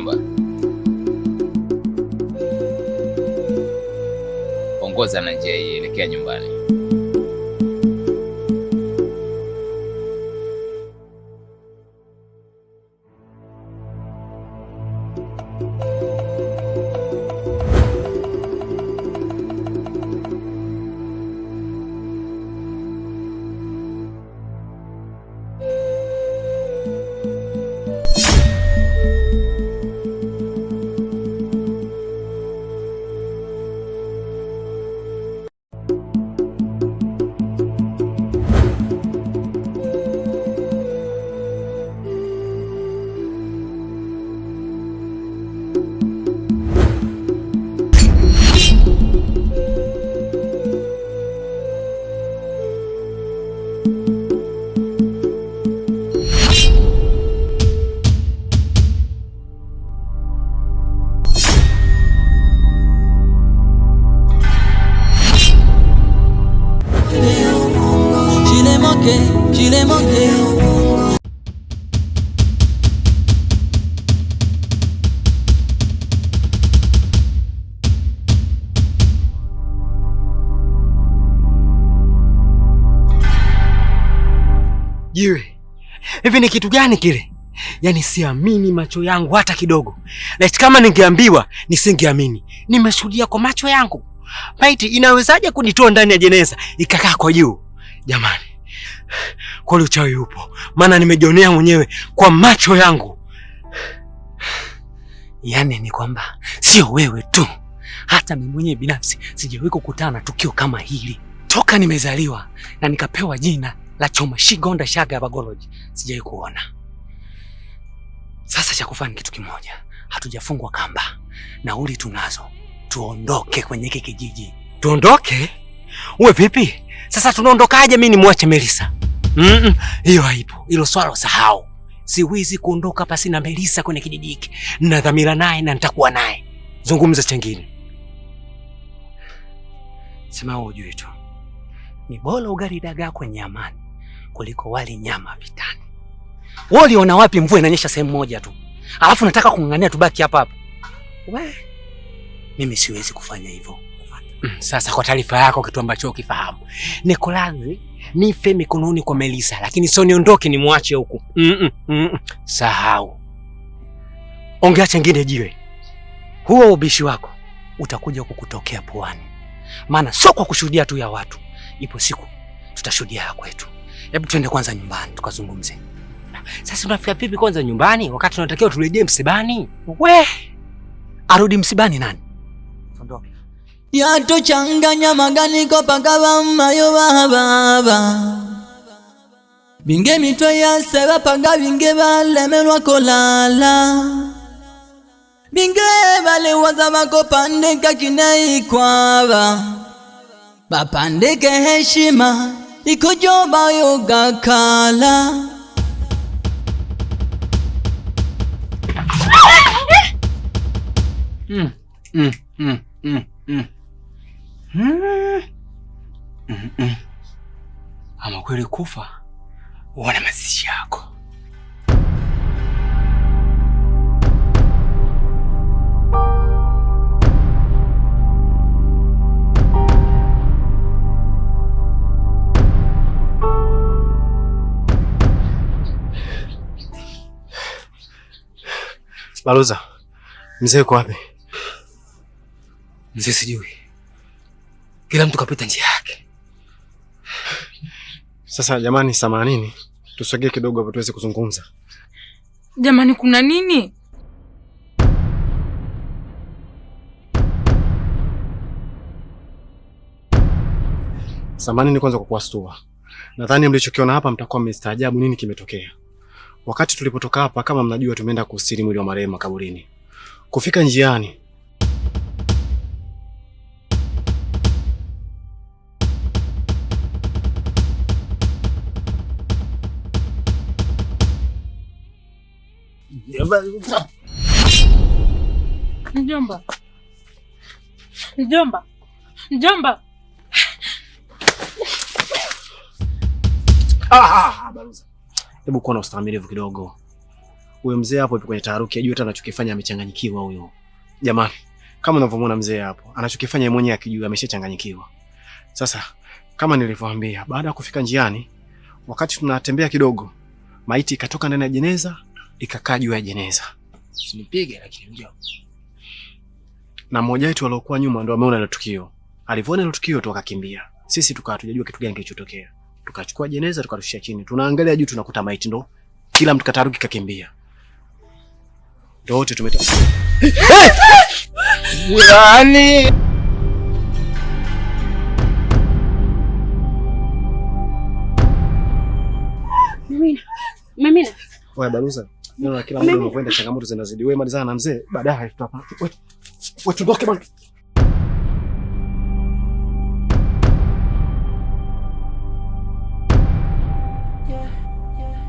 mjomba, ongoza na njia hii elekea nyumbani. Jiwe hivi ni kitu gani kile? Yaani siamini macho yangu hata kidogo. Laiti kama ningeambiwa nisingeamini. Nimeshuhudia kwa macho yangu. Maiti inawezaje kunitoa ndani ya jeneza ikakaa kwa juu? Jamani, kweli uchawi upo, maana nimejionea mwenyewe kwa macho yangu. Yaani ni kwamba sio wewe tu, hata mimi mwenyewe binafsi sijawahi kukutana na tukio kama hili toka nimezaliwa na nikapewa jina la choma shigonda shaga ya bagoloji sijai kuona. Sasa cha kufanya kitu kimoja, hatujafungwa kamba, nauli tunazo, tuondoke kwenye hiki kijiji. Tuondoke uwe vipi? Sasa tunaondokaje? Mimi nimwache Melisa? mm -mm, hiyo haipo, hilo swala usahau. Siwezi kuondoka pasi na Melisa kwenye kijiji hiki. na dhamira naye na nitakuwa naye. Zungumza chengine, sema ujue tu ni bora ugali dagaa kwenye amani kuliko wali nyama vitani. Wewe uliona wapi mvua inanyesha sehemu moja tu, alafu nataka kung'ang'ania tubaki hapa hapa? We, mimi siwezi kufanya hivyo. Mm, sasa kwa taarifa yako, kitu ambacho ukifahamu niko radhi nife mikononi kwa Melisa, lakini sio niondoke nimwache huku. mm -mm, mm -mm. Sahau, ongea chengine jiwe. Huo ubishi wako utakuja kukutokea puani, maana sio kwa kushuhudia tu ya watu, ipo siku tutashuhudia ya kwetu. Hebu twende kwanza nyumbani tukazungumze. Sasa tunafika vipi kwanza nyumbani wakati tunatakiwa turejee msibani? We, arudi msibani nani? Ondoka. Yato changanya magani ko pagaba mayo baba. Binge mitwe ya seba panga binge balemelwa kolala. Binge bale vakopandika ko pandeka Bapandeke heshima ikojobayoga kala hmm, hmm, hmm, Ama kweli kufa wanamasisi yako Baloza, mzee yuko wapi? Mzee sijui, kila mtu kapita njia yake. Sasa jamani, samanini, tusogee kidogo hapo tuweze kuzungumza. Jamani, kuna nini? Samanini kwanza kwa kuwastua, nadhani mlichokiona hapa mtakuwa mmestaajabu nini kimetokea. Wakati tulipotoka hapa, kama mnajua, tumeenda kusiri mwili wa marehemu kaburini. Kufika njiani Mjomba, mjomba, mjomba! Ah, ah, ah Baruza Hebu kuwa na ustahimilivu kidogo. Huyo mzee hapo yupo kwenye taharuki, ajui hata anachokifanya, amechanganyikiwa huyo. Jamani, kama unavyomwona mzee hapo, anachokifanya yeye mwenyewe akijua ameshachanganyikiwa. Sasa kama nilivyowaambia, baada ya kufika njiani, wakati tunatembea kidogo, maiti ikatoka ndani ya jeneza ikakaa juu ya jeneza. Usinipige lakini njoo. Na mmoja wetu aliokuwa nyuma ndo ameona ile tukio. Alivyoona ile tukio tu akakimbia. Sisi tukawa tujajua kitu gani kilichotokea tukachukua jeneza tukarushia chini, tunaangalia juu tunakuta maiti, ndo kila mtu kataruki kakimbia, ndo wote tumetoka yani Mamina. Wewe Baruza, naona kila mtu anakwenda changamoto zinazidi. Wewe malizana na mzee, baadaye tutapata. Wewe tuondoke bwana.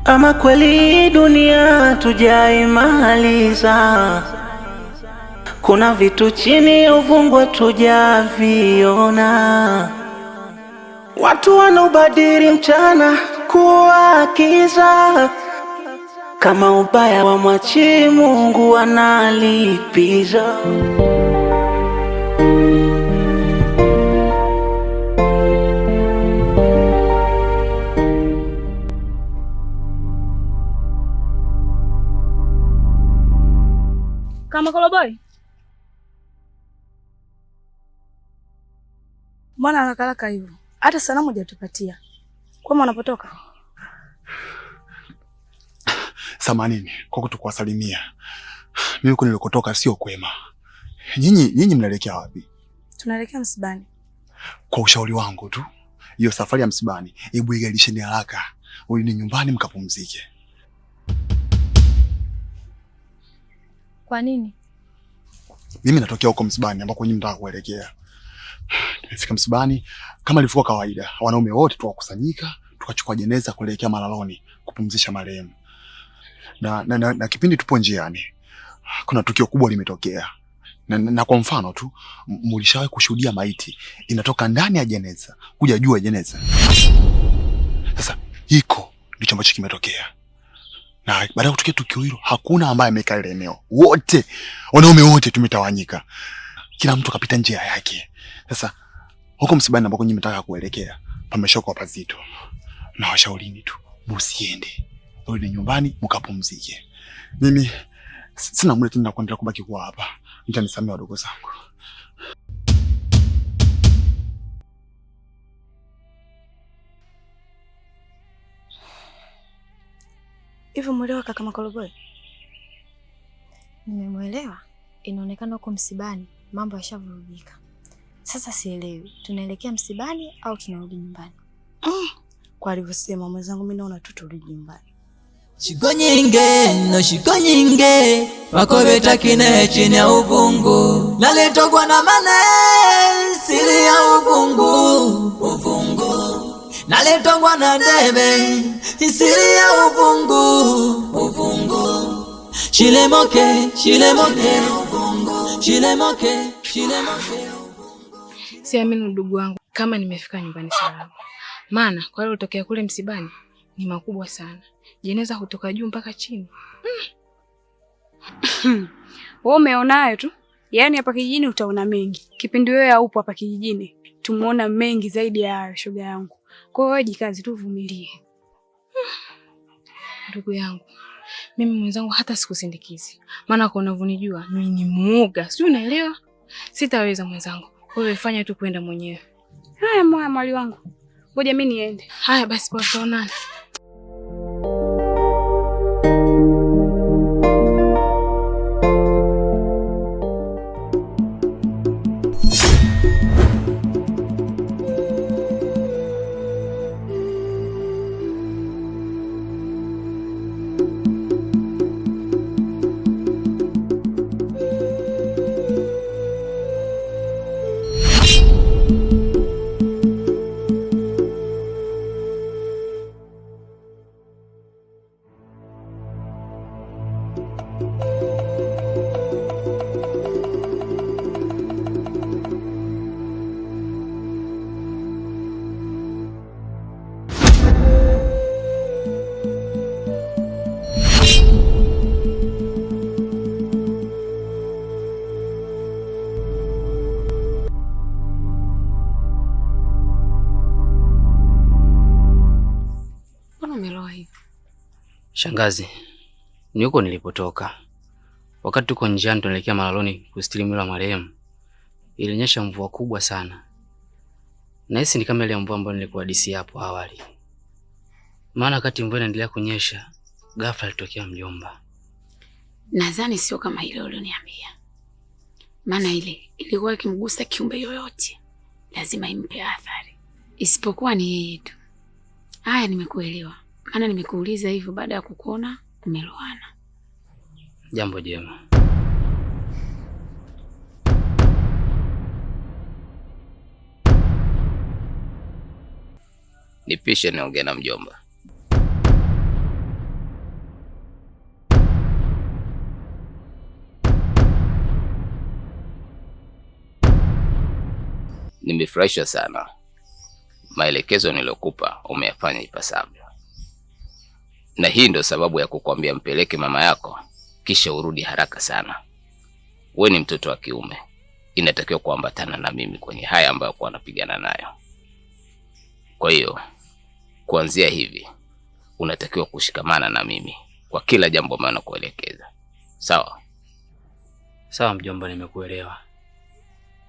Ama kweli dunia tujaimaliza, kuna vitu chini ya uvungwa tujaviona. Watu wanaubadili mchana kuwa kiza, kama ubaya wa mwachi Mungu wanalipiza. Mama Koroboi, mbona harakaraka hivyo? Hata salamu hujatupatia kwama unapotoka. Samanini kwa kutokuwasalimia. Mimi huko nilikotoka sio kwema. Nyinyi nyinyi mnaelekea wapi? Tunaelekea msibani. Kwa ushauri wangu tu, hiyo safari ya msibani, hebu igalisheni haraka, ni nyumbani mkapumzike. Kwa nini? Mimi natokea huko msibani ambako nyinyi mtaka kuelekea. Nimefika msibani kama ilivyokuwa kawaida, wanaume wote tuwakusanyika tukachukua jeneza kuelekea malaloni kupumzisha marehemu. Na, na, na, na kipindi tupo njiani kuna tukio kubwa limetokea. Na, na, na kwa mfano tu mulishawahi kushuhudia maiti inatoka ndani ya jeneza kuja juu ya jeneza. Sasa hiko ndicho ambacho kimetokea na baada ya kutokea tukio hilo hakuna ambaye amekaa ile eneo, wote wanaume wote tumetawanyika, kila mtu kapita njia yake. Sasa huko msibani ambako nyinyi mtaka kuelekea pameshoka pazito, na washaurini tu musiende, rudi nyumbani mkapumzike. Mimi sina muda tena kuendelea kubaki kwa hapa, mtanisamea wadogo zangu. Hivi umeelewa kaka Makoroboi? Nimemwelewa. Inaonekana huko msibani mambo yashavurugika. Sasa sielewi tunaelekea msibani au tunarudi nyumbani. Mm. Kwa alivyosema mwenzangu, mimi naona tu turudi nyumbani. shikonyinge no shikonyinge wakobeta kine chini ya uvungu naletogwa na mane siri ya uvungu naletongwa na debe isiri ya uvungu uvungu shilemoke shilemoke uvungu shilemoke shilemoke. Siamini ndugu wangu kama nimefika nyumbani salama, maana kwa leo utokea kule msibani ni makubwa sana, jeneza hutoka juu mpaka chini. Mm. Wewe umeonayo tu, yaani hapa kijijini utaona mengi. Kipindi wewe haupo hapa kijijini, tumeona mengi zaidi ya hayo, shoga yangu. Kwa hiyo jikazi tu, vumilie ndugu yangu. Mimi mwenzangu hata sikusindikizi, maana kwa unavyonijua mimi ni muoga, sijui unaelewa. Sitaweza mwenzangu, wewe fanya tu kwenda mwenyewe. Haya mwaya mwali wangu, ngoja mimi niende. Haya basi, tutaonana. Shangazi, ni huko nilipotoka. Wakati tuko njiani tunaelekea malaloni kustiri mwili wa marehemu, ilinyesha mvua kubwa sana. Nahisi ni kama ile mvua ambayo nilikuhadisi hapo awali, maana wakati mvua inaendelea kunyesha, ghafla alitokea mjomba. Nadhani sio kama ile ulioniambia, maana ile ilikuwa ikimgusa kiumbe yoyote lazima impe athari, isipokuwa ni yeye tu. Haya, nimekuelewa. Maana nimekuuliza hivyo baada ya kukuona umeloana. Jambo jema. Nipishe niongee na mjomba. Nimefurahishwa sana, maelekezo niliyokupa umeyafanya ipasavyo na hii ndio sababu ya kukwambia mpeleke mama yako, kisha urudi haraka sana. We ni mtoto wa kiume, inatakiwa kuambatana na mimi kwenye haya ambayo kwa anapigana nayo. Kwa hiyo kuanzia hivi unatakiwa kushikamana na mimi kwa kila jambo ambalo nakuelekeza. Sawa sawa, mjomba, nimekuelewa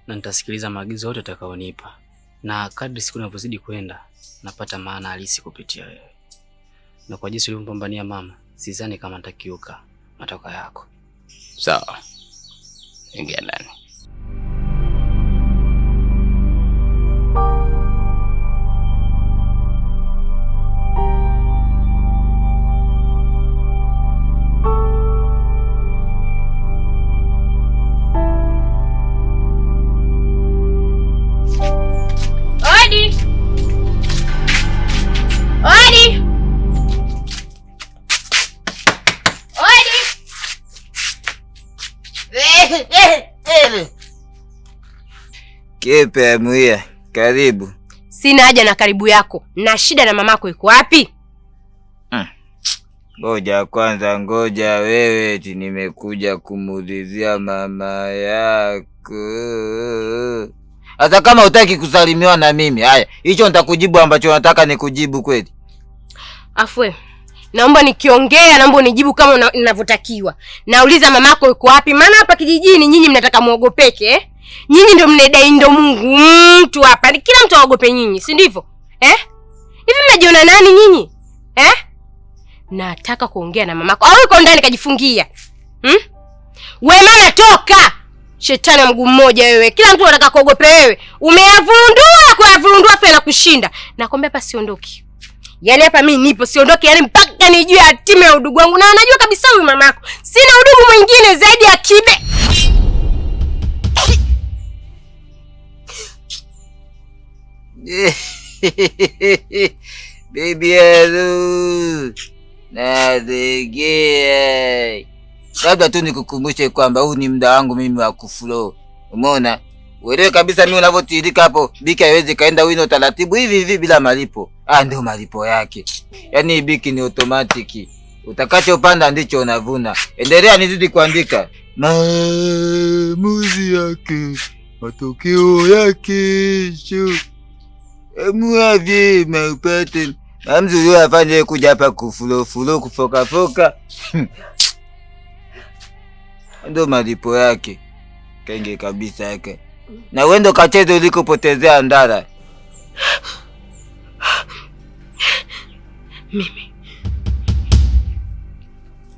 na nitasikiliza maagizo yote utakayonipa, na kadri siku inavyozidi kwenda napata maana halisi kupitia wewe na kwa jinsi ulivyompambania mama, sidhani kama nitakiuka matoka yako. Sawa, ingia ndani. Vipi Amuia, karibu. Sina haja na karibu yako, na shida na mamako iko wapi? Hmm. Ngoja kwanza, ngoja wewe, ti nimekuja kumuulizia mama yako. Hata kama utaki kusalimiwa na mimi, haya, hicho nitakujibu ambacho nataka nikujibu kweli. Afwe, naomba nikiongea, naomba unijibu kama unavyotakiwa. Nauliza mamako yuko wapi? Maana hapa kijijini nyinyi mnataka muogopeke eh? Nyinyi ndio mnedai ndio Mungu mtu hapa, yaani kila mtu aogope nyinyi, si ndivyo eh? Hivi mnajiona nani nyinyi eh? Nataka kuongea na mamako au uko ndani kajifungia Hm? We mama toka, shetani mguu mmoja wewe, kila mtu anataka kuogope wewe. Umeyavundua, kuyavundua fe na kushinda. Nakwambia hapa siondoki, yaani hapa mimi nipo, siondoki yaani mpaka nijue hatima ya udugu wangu, na unajua kabisa huyu mamako, sina udugu mwingine zaidi ya Kibe. Bibi Labda tu nikukumbushe kwamba huu ni muda wangu mimi wa kuflow. Umeona, uelewe kabisa mimi unavyotirika hapo. Biki haiwezi kaenda wino taratibu hivi hivi bila malipo. Ah, ndio malipo yake. Yaani biki ni automatic, utakachopanda ndicho unavuna. Endelea nizidi kuandika maamuzi yake, matokeo yake kesho mwavi maupate amzuri afanye kuja hapa kufulofulo kufokafoka hmm. ndo malipo yake kenge kabisa yake na wendo kachezo ulikopotezea ndara. Mimi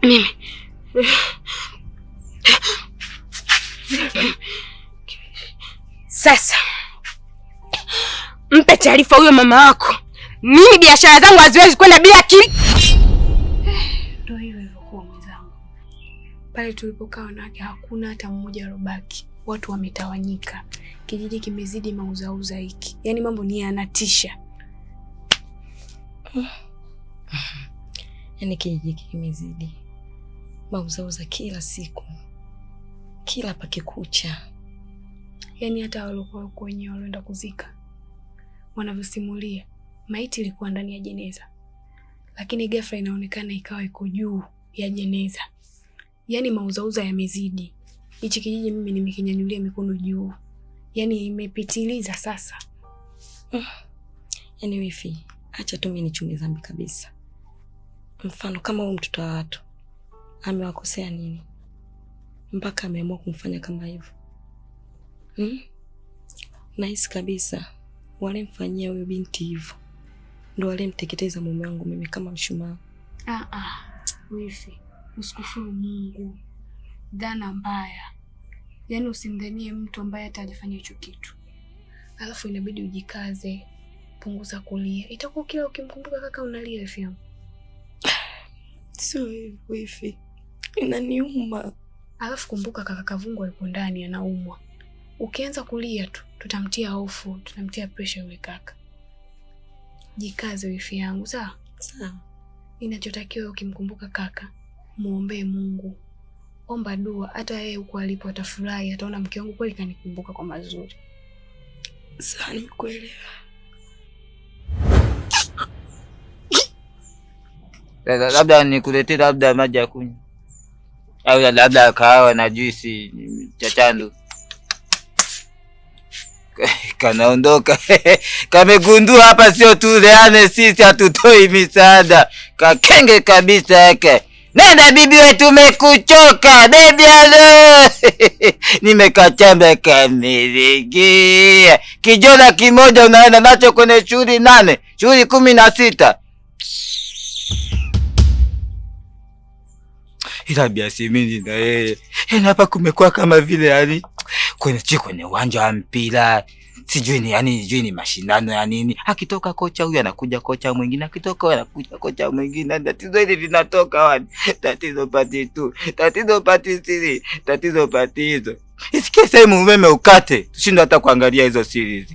mimi sasa mpe taarifa huyo mama wako. Mimi biashara zangu haziwezi kwenda bila ki ndio hiyo hivyo kwa mzangu. Pale tulipokaa wanawake hakuna hata mmoja alobaki, watu wametawanyika, kijiji kimezidi mauzauza hiki, yaani mambo ni yanatisha. Yaani kijiji kimezidi mauzauza kila siku, kila pakikucha, yaani hata walokuwa wenyewe walienda kuzika wanavyosimulia maiti ilikuwa ndani ya jeneza, lakini ghafla inaonekana ikawa iko juu ya jeneza. Yaani mauzauza yamezidi. Hichi kijiji mimi nimekinyanyulia mikono juu, yaani imepitiliza sasa. Mm. Yaani wifi, acha tu mimi nichunge dhambi kabisa. Mfano kama huyu mtoto wa watu amewakosea nini mpaka ameamua kumfanya kama hivyo? Mm? Nahisi kabisa walimfanyia huyo binti hivyo ndo walimteketeza mume wangu mimi kama mshumaa. Ah, ah, wewe usikufuru Mungu, dhana mbaya. Yaani usimdhanie mtu ambaye hata alifanya hicho kitu, alafu inabidi ujikaze, punguza kulia, itakuwa kila ukimkumbuka kaka unalia vyema. Sio hivi, inaniuma. Alafu kumbuka kaka Kavungu alipo ndani anaumwa, ukianza kulia tu tutamtia hofu, tutamtia presha yule kaka. Jikaze wifi yangu, sawa sawa. Inachotakiwa ukimkumbuka kaka, muombee Mungu, omba dua, hata yeye huko alipo atafurahi, ataona mke wangu kweli kanikumbuka kwa mazuri. Sawa, nimekuelewa. Labda nikuletee labda maji ya kunywa au labda kahawa na juisi cha chandu. kanaondoka kamegundua hapa sio tuleane sisi, hatutoi misaada, kakenge kabisa yake. Nenda bibi we, tumekuchoka bebi Alo, nimekachamba kamirigia kijona kimoja, unaenda nacho kwenye shughuli nane shughuli kumi na sita ila biasimini na yeye hapa kumekuwa kama vile yani kwenye sijui kwenye uwanja wa mpira sijui ni yani sijui ni mashindano ya nini, akitoka kocha huyu anakuja kocha mwingine, akitoka huyu anakuja kocha mwingine. Tatizo hili linatoka wapi? Tatizo pati tu, tatizo pati siri, tatizo pati hizo. Isikie sehemu umeme ukate, tushindwe hata kuangalia hizo series.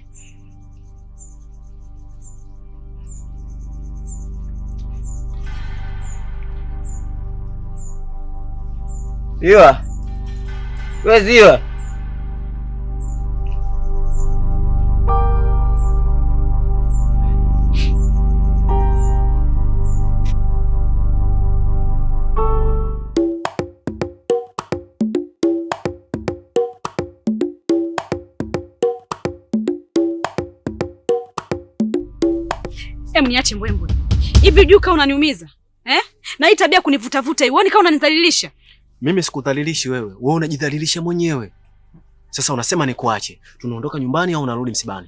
Ziwa, we ziwa Hem, niache mbwembwe. Hivi juu kama unaniumiza? Eh? Na hii tabia kunivutavuta hii. Uone kama unanidhalilisha. Mimi sikudhalilishi wewe. Wewe unajidhalilisha mwenyewe. Sasa unasema nikuache. Tunaondoka nyumbani au unarudi msibani?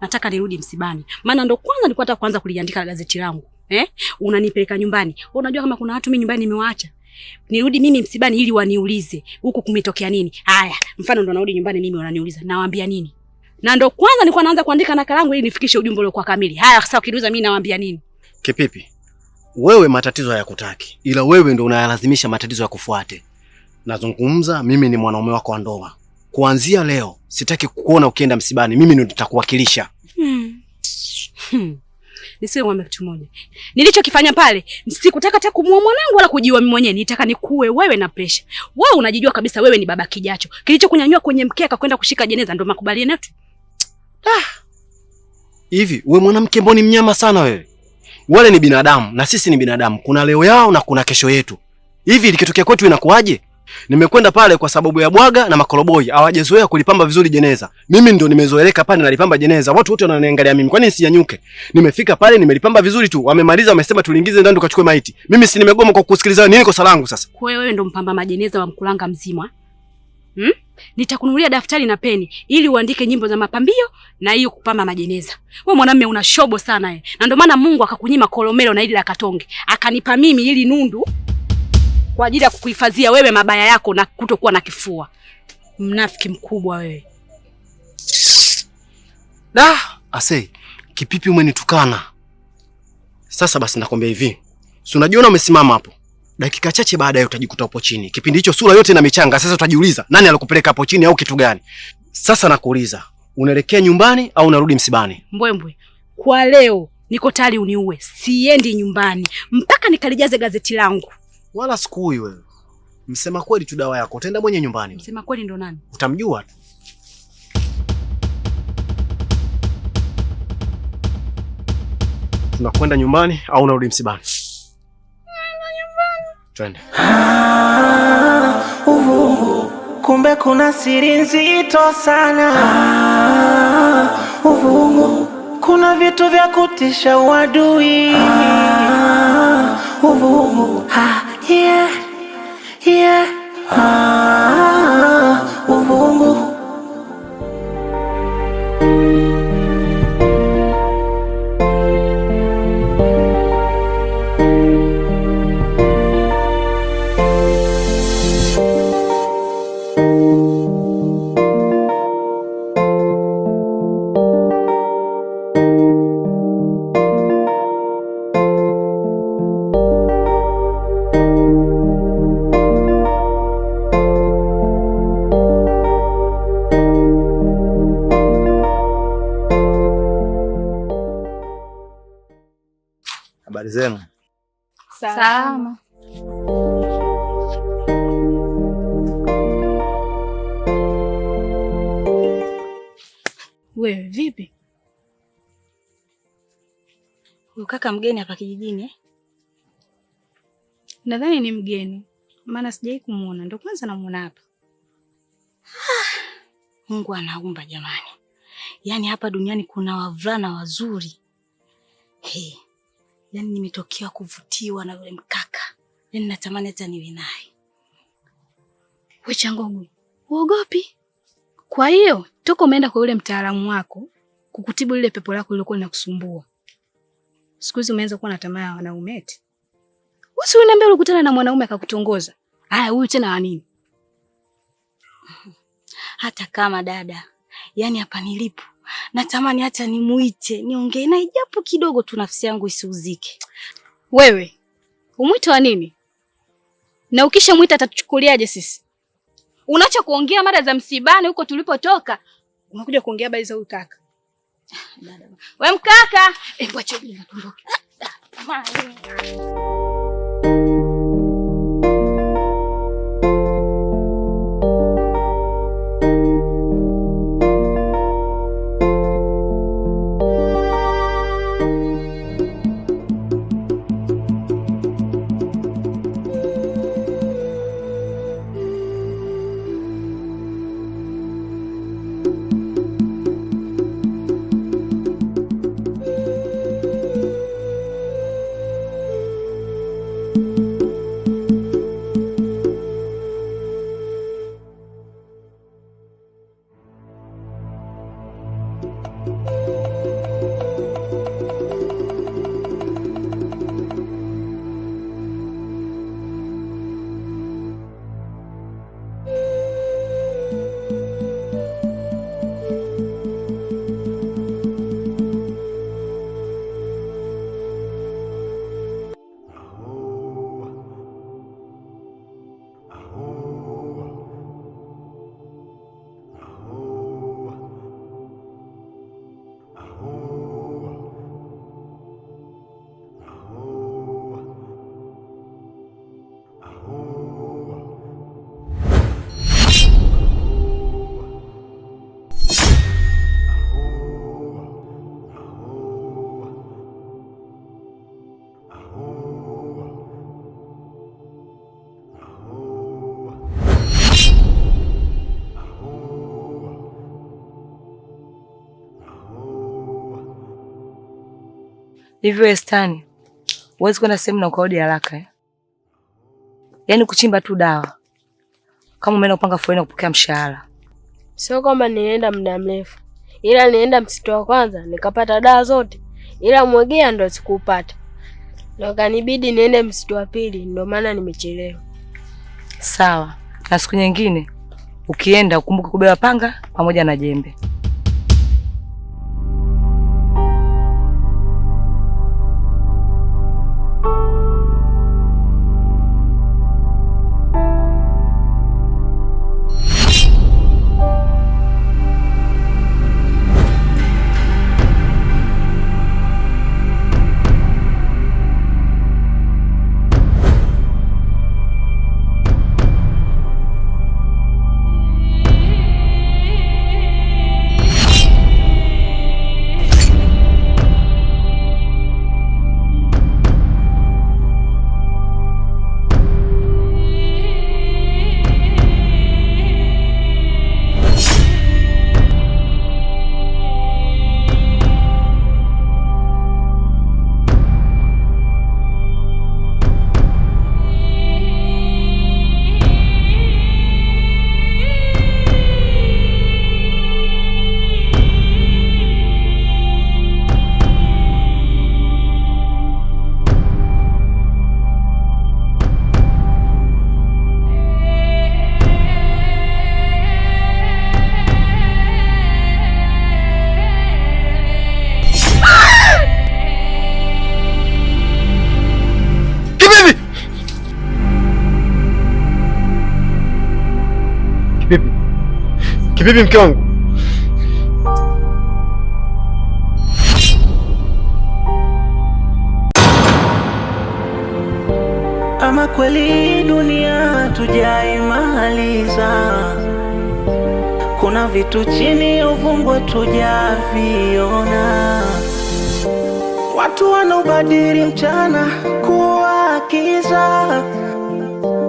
Nataka nirudi msibani. Maana ndo kwanza nilikuwa nataka kwanza kuliandika gazeti langu. Eh? Unanipeleka nyumbani. Wewe unajua kama kuna watu mimi nyumbani nimewaacha. Nirudi mimi msibani ili waniulize huku kumetokea nini? Haya, mfano ndo narudi nyumbani mimi wananiuliza. Nawaambia nini? na ndo kwanza nilikuwa naanza kuandika nakala yangu ili nifikishe ujumbe uliokuwa kamili. Haya sasa, ukiniuliza mimi nawaambia nini? Kipipi, wewe matatizo hayakutaki, ila wewe ndo unayalazimisha matatizo ya kufuate. Nazungumza mimi, ni mwanaume wako wa ndoa. Kuanzia leo sitaki kukuona ukienda msibani, mimi ndo nitakuwakilisha. Hmm. Hmm. Nisiwe mwame kitu moja. Nilichokifanya pale, sikutaka hata kumuua mwanangu wala kujiua mimi mwenyewe. Nitaka nikuwe wewe na presha. Wewe unajijua kabisa wewe ni baba kijacho. Kilichokunyanyua kwenye mkeka kwenda kushika jeneza ndo makubaliano yetu. Ah! Hivi we mwanamke, mboni mnyama sana wewe. Wale ni binadamu na sisi ni binadamu, kuna leo yao na kuna kesho yetu. Hivi likitokea kwetu inakuwaje? Nimekwenda pale kwa sababu ya bwaga na makoroboi, hawajazoea kulipamba vizuri jeneza. Mimi ndo nimezoeleka pale, na lipamba jeneza, watu wote wananiangalia mimi, kwani nisijanyuke? Nimefika pale, nimelipamba vizuri tu, wamemaliza, wamesema tuliingize ndani tukachukue maiti. Mimi si nimegoma kwa kusikiliza nini? Kosa langu sasa? Kwa hiyo wewe ndo mpamba majeneza wa Mkulanga mzima hmm? nitakununulia daftari na peni ili uandike nyimbo za mapambio na hiyo kupamba majeneza. Wewe mwanamume una shobo sana eh. Na ndio maana Mungu akakunyima kolomelo na ile la katonge. Akanipa mimi ili nundu kwa ajili ya kukuhifadhia wewe mabaya yako na kutokuwa na kifua. Mnafiki mkubwa wewe. Da, ase kipipi umenitukana. Sasa basi nakwambia hivi. Si unajiona umesimama hapo? dakika chache baadaye utajikuta upo chini. Kipindi hicho sura yote na michanga. Sasa utajiuliza nani alikupeleka hapo chini au kitu gani? Sasa nakuuliza, unaelekea nyumbani au unarudi msibani? Mbwembwe, kwa leo niko tayari uniue, siendi nyumbani mpaka nikalijaze gazeti langu. Wala sikui wewe. Msema kweli tu dawa yako, utaenda mwenye nyumbani. Msema kweli ndo nani? Utamjua tu. Tunakwenda nyumbani au unarudi msibani? Twende. Ah, uhu, kumbe kuna siri nzito sana. Ah, uhu, kuna vitu vya kutisha uadui. Ah, uhu, ah, yeah. Wewe vipi? Huyu kaka mgeni hapa kijijini eh? Nadhani ni mgeni, maana sijai kumuona, ndio kwanza namuona hapa. Mungu anaumba jamani, yaani hapa duniani kuna wavulana wazuri hey. Yaani nimetokea kuvutiwa na yule mkaka, yaani natamani hata niwe naye. We uogopi? Kwa hiyo toka umeenda kwa yule mtaalamu wako kukutibu lile pepo lako lilokuwa linakusumbua, siku hizi umeanza kuwa na tamaa ya wanaume eti. Usi uniambia ulikutana na mwanaume akakutongoza, haya huyu tena wa nini? Hata kama dada, yani hapa nilipo natamani hata nimuite niongee naye japo kidogo tu, nafsi yangu isiuzike. Wewe umwite wa nini? Na ukishamwita atatuchukuliaje sisi? unachokuongea mada za msibani huko tulipotoka, unakuja kuongea habari za utaka ah, we mkaka, e, Hivyo Estani, huwezi kwenda sehemu na ukarudi haraka eh? Yaani kuchimba tu dawa kama umeenda kupanga foleni kupokea mshahara. Sio kwamba nilienda muda mrefu, ila nilienda msitu wa kwanza nikapata dawa zote, ila mwegea ndo sikupata, ndo kanibidi niende msitu wa pili, ndo maana nimechelewa. Sawa, na siku nyingine ukienda ukumbuke kubeba panga pamoja na jembe. Vipi mke wangu? Ama kweli dunia tujaimaliza, kuna vitu chini uvungwa tujaviona. Watu wanaobadili mchana kuwa kiza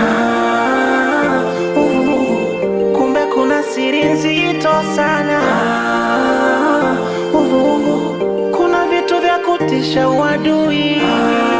Ah, uh, kumbe kuna siri nzito sana ah, uh, kuna vitu vya kutisha uadui ah,